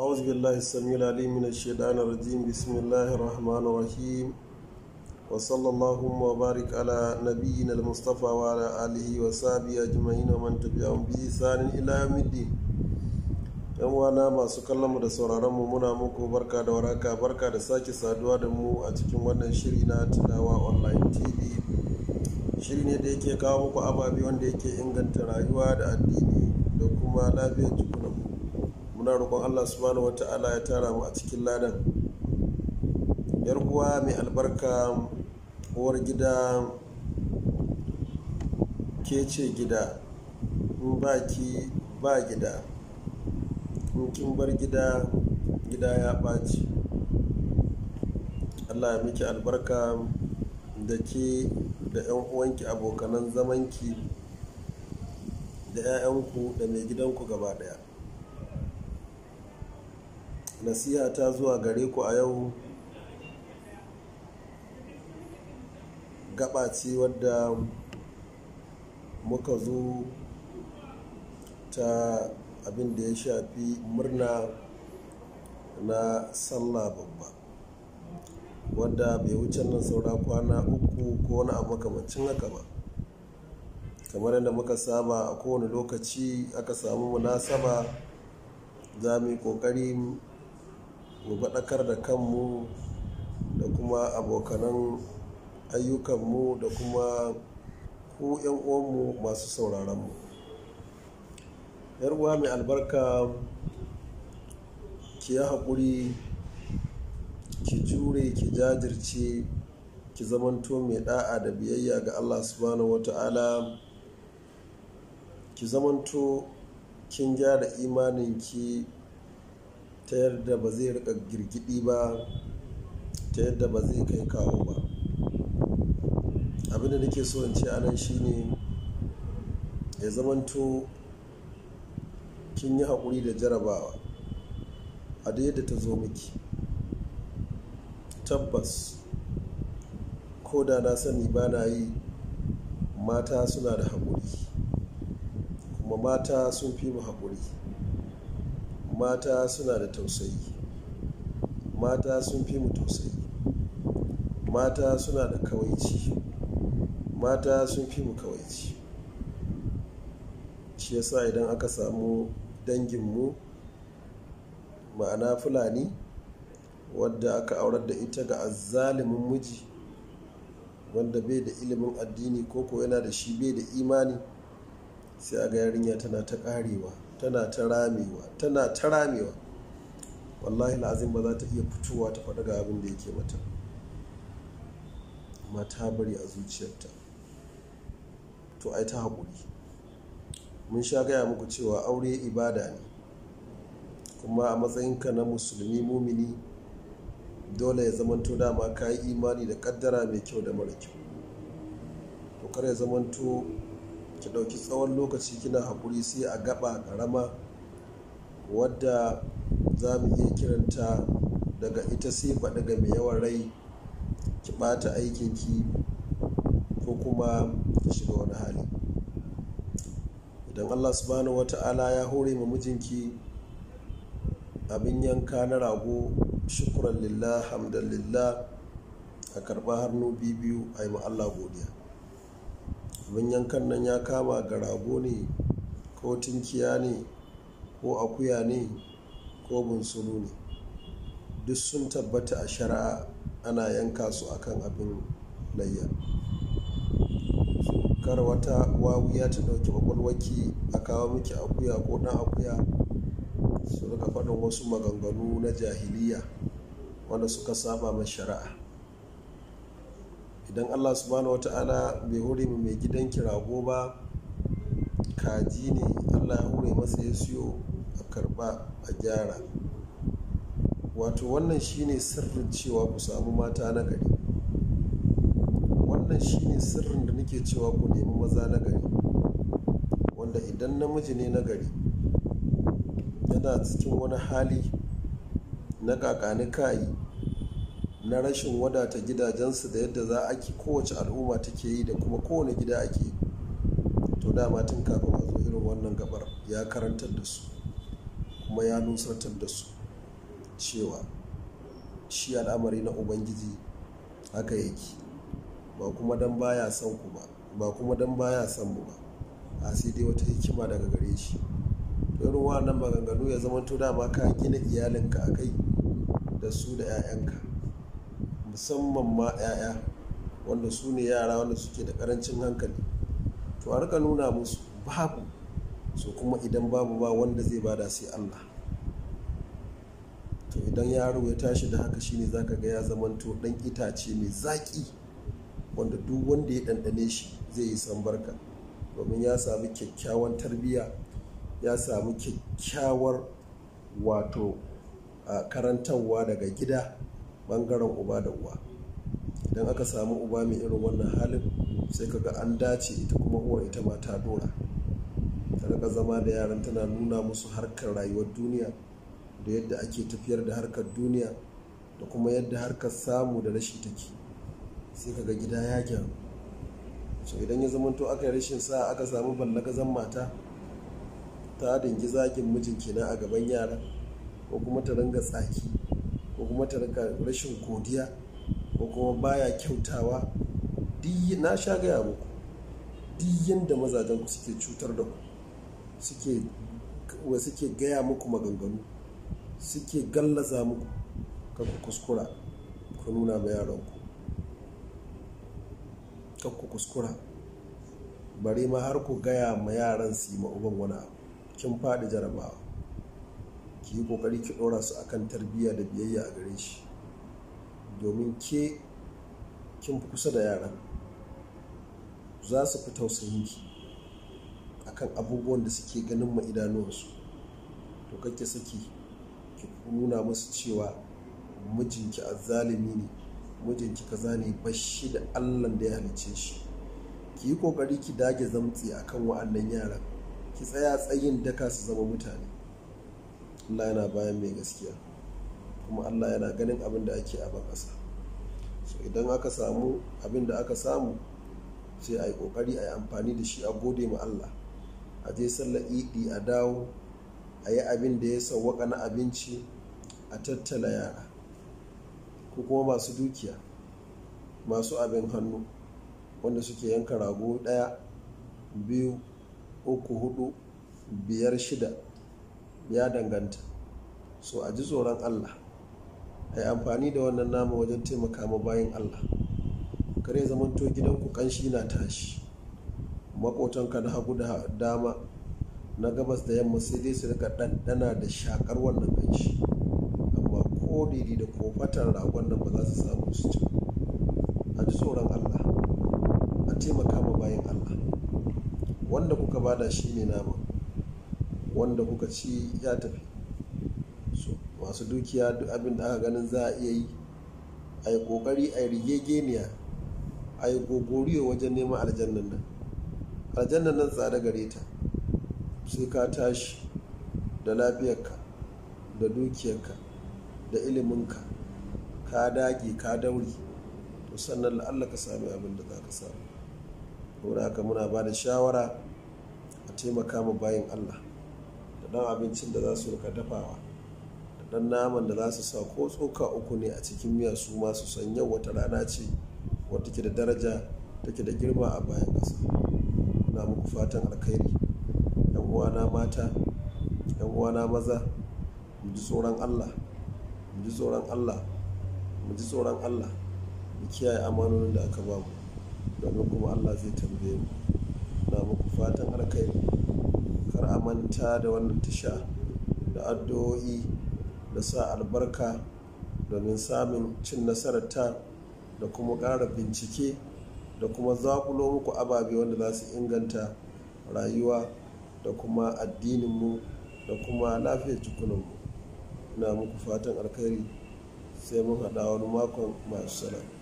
أعوذ بالله السميع العليم من الشيطان الرجيم بسم الله الرحمن الرحيم وصلى الله وبارك على نبينا المصطفى وعلى آله وصحبه أجمعين ومن تبعهم بإحسان إلى يوم الدين yan wana masu kallon mu da sauraron mu muna muku barka da waraka barka da sake saduwa da mu a cikin wannan shiri na tunawa online tv shiri ne da yake kawo muku ababe wanda yake inganta rayuwa da addini da kuma lafiyar jikunanmu muna roƙon allah subhanahu wa ta'ala ya tara mu a cikin ladan yar uwa mai albarka uwar gida ke ce gida in ba ki ba gida in kin bar gida gida ya ɓaci allah ya miki albarka da ke da 'yan uwanki abokanan zamanki da 'ya'yanku da mai gidanku gaba ɗaya nasiha ta zuwa gare ku a yau gaba ce wadda muka zo ta abin da ya shafi murna na sallah babba wadda bai wuce nan saura kwana uku ko wani abu makamancin haka ba kamar yadda muka saba a kowane lokaci aka samu munasaba za mu yi ƙoƙari mu baɗakar da kanmu da kuma abokanan ayyukanmu da kuma ku yan uwanmu masu sauraronmu uwa mai albarka ki yi haƙuri ki jure ki jajirce ki zamanto mai ɗa'a da biyayya ga allah subhanahu wata'ala ki zamanto kin gyara ki. ta yadda ba zai rika girgidi ba ta yadda ba zai kai kawo ba abinda nake so in ce anan shine ya zamanto kin yi haƙuri da jarabawa a da yadda ta zo miki tabbas ko da na sani ba na yi mata suna da haƙuri kuma mata sun fi mu haƙuri mata suna da tausayi mata sun fi mu tausayi mata suna da kawaici mata sun fi mu kawaici shi yasa idan aka samu danginmu ma'ana fulani wadda aka aurar da ita ga azzalimin miji wanda bai da ilimin addini ko ko yana da shi bai da imani sai a ga yarinya tana ta karewa tana ta ramewa tana ta ramewa wallahi l'azim ba za ta iya fitowa ta faɗa ga abin da yake mata amma ta bari a zuciyarta to ai ta haƙuri mun sha gaya muku cewa aure ibada ne kuma a matsayinka na musulmi mumini dole ya zamanto dama ka yi imani da kaddara mai kyau da mara kyau to kar ya zamanto ki ɗauki tsawon lokaci kina haƙuri sai a gaba ƙarama wadda za mu iya kiranta daga ita sai faɗi ga mai yawan rai ki ɓata aikinki ko kuma ki shiga wani hali idan allah subhanahu wa ta'ala ya hore mu mijinki abin yanka na rago shukuran lillah hamdan a karɓa hannu bibiyu a yi allah godiya abin yankan nan ya kama ga rago ne ko tinkiya ne ko akuya ne ko bunsuru ne duk sun tabbata a shari'a ana yanka su akan abin layya kar wata wawuya ta dauki kwakwalwaki a kawo miki akuya ko dan akuya su rika faɗin wasu maganganu na jahiliya wanda suka saba ma shari'a idan allah subhanahu wata'ala bai hore mu mai gidan kirago ba kaji ne allah ya hore masa ya siyo a karba a gyara wato wannan shine sirrin cewa ku samu mata na gari wannan shine sirrin da nake cewa ku nemi maza na gari wanda idan namiji ne na gari yana cikin wani hali na kakani kayi na rashin wadata gidajensu da yadda za a ki kowace al'umma take yi da kuma kowane gida ake yi to dama tun kafin a zo irin wannan gabar ya karantar da su kuma ya nusantar da su cewa shi al'amari na ubangiji haka yake ba kuma don baya son ku ba ba kuma don baya son mu ba a sai dai wata hikima daga gare shi irin wannan maganganu ya zama to dama ka gina iyalinka a kai da su da 'ya'yanka musamman ma 'ya'ya wanda su ne yara wanda suke da karancin hankali to a rika nuna musu babu su kuma idan babu ba wanda zai bada sai allah to idan yaro ya tashi da haka shine zaka ga ya zamanto dan itace mai zaki wanda duk wanda ya dandane shi zai yi sambarka domin ya sami kyakkyawan tarbiyya ya sami kyakkyawar wato karantarwa daga gida bangaren uba da uwa idan aka samu uba mai irin wannan halin sai ka ga an dace ita kuma uwar ita ma ta dora ta rika zama da yaran tana nuna musu harkar rayuwar duniya da yadda ake tafiyar da harkar duniya da kuma yadda harkar samu da rashi take sai kaga gida ya gyaru so idan ya zamanto aka yi rashin sa aka samu ballagazan mata ta dingi zagin mijin kenan a gaban yara ko kuma ta ringa tsaki ko kuma ta rika rashin godiya ko kuma baya kyautawa na sha gaya muku duk yadda mazajen ku suke cutar da ku suke gaya muku maganganu suke gallaza muku ka ku kuskura ku nuna ma ku ka ku kuskura bari ma har ku gaya ma yaran su yi ma uban wani abu kin faɗi jarabawa ki yi kokari ki ɗora su akan tarbiyya da biyayya a gare shi domin ke kin fi kusa da yaran za su fi tausayin ki akan abubuwan da suke ganin ma idanuwansu to kake saki ki nuna musu cewa mijinki zalimi ne mijinki zane ne bashi da allah da ya halice shi ki yi kokari ki dage zamtsi akan wa'annan yaran ki tsaya tsayin daka su zama mutane Allah yana bayan mai gaskiya kuma Allah yana ganin abin da ake a ƙasa so idan aka samu abin da aka samu sai a yi ƙoƙari a yi amfani da shi a gode ma Allah a je sallar idi a dawo a yi abin da ya sauwaƙa na abinci a tattala yara ko kuma masu dukiya masu abin hannu wanda suke yanka rago ɗaya biyu uku hudu biyar shida ya danganta so a ji tsoron allah a yi amfani da wannan nama wajen taimaka ma bayan allah kare zamanto ku kanshi na tashi makotanka na hagu da dama na gabas da yamma sai dai su rika ɗanɗana da shakar wannan kanshi amma ko daidai da fatan ragon nan ba za su samu su ci a ji tsoron allah a taimaka ma bayan allah wanda kuka bada shi ne nama wanda kuka ci ya tafi so masu dukiya duk abin da aka ganin za a iya yi a yi ƙoƙari a yi rigegeniya a yi gogoriyo wajen neman aljannan nan aljannan nan tsada gare ta sai ka tashi da lafiyarka da dukiyarka da iliminka ka dage ka dauri to sannan la'alla ka sami abin da za ka samu saboda haka muna ba da shawara a taimaka ma bayan allah dan abincin da za su rika dafawa da dan naman da za su sa ko tsoka uku ne a cikin miya su masu san yau wata rana ce wata ke da daraja take da girma a bayan ƙasa na muku fatan alkhairi yan uwana mata yan uwana maza mu ji tsoron allah mu tsoron allah mu tsoron allah mu kiyaye amanonin da aka bamu domin kuma allah zai tambaye mu na muku fatan alkhairi a manta da wannan tasha da addu'o'i da sa albarka domin samun cin nasarar ta da kuma ƙara bincike da kuma zaƙulo muku ababe wanda za su inganta rayuwa da kuma addininmu da kuma lafiyar jikunanmu na muku fatan alkhairi sai mun haɗa wani makon masu sana'a.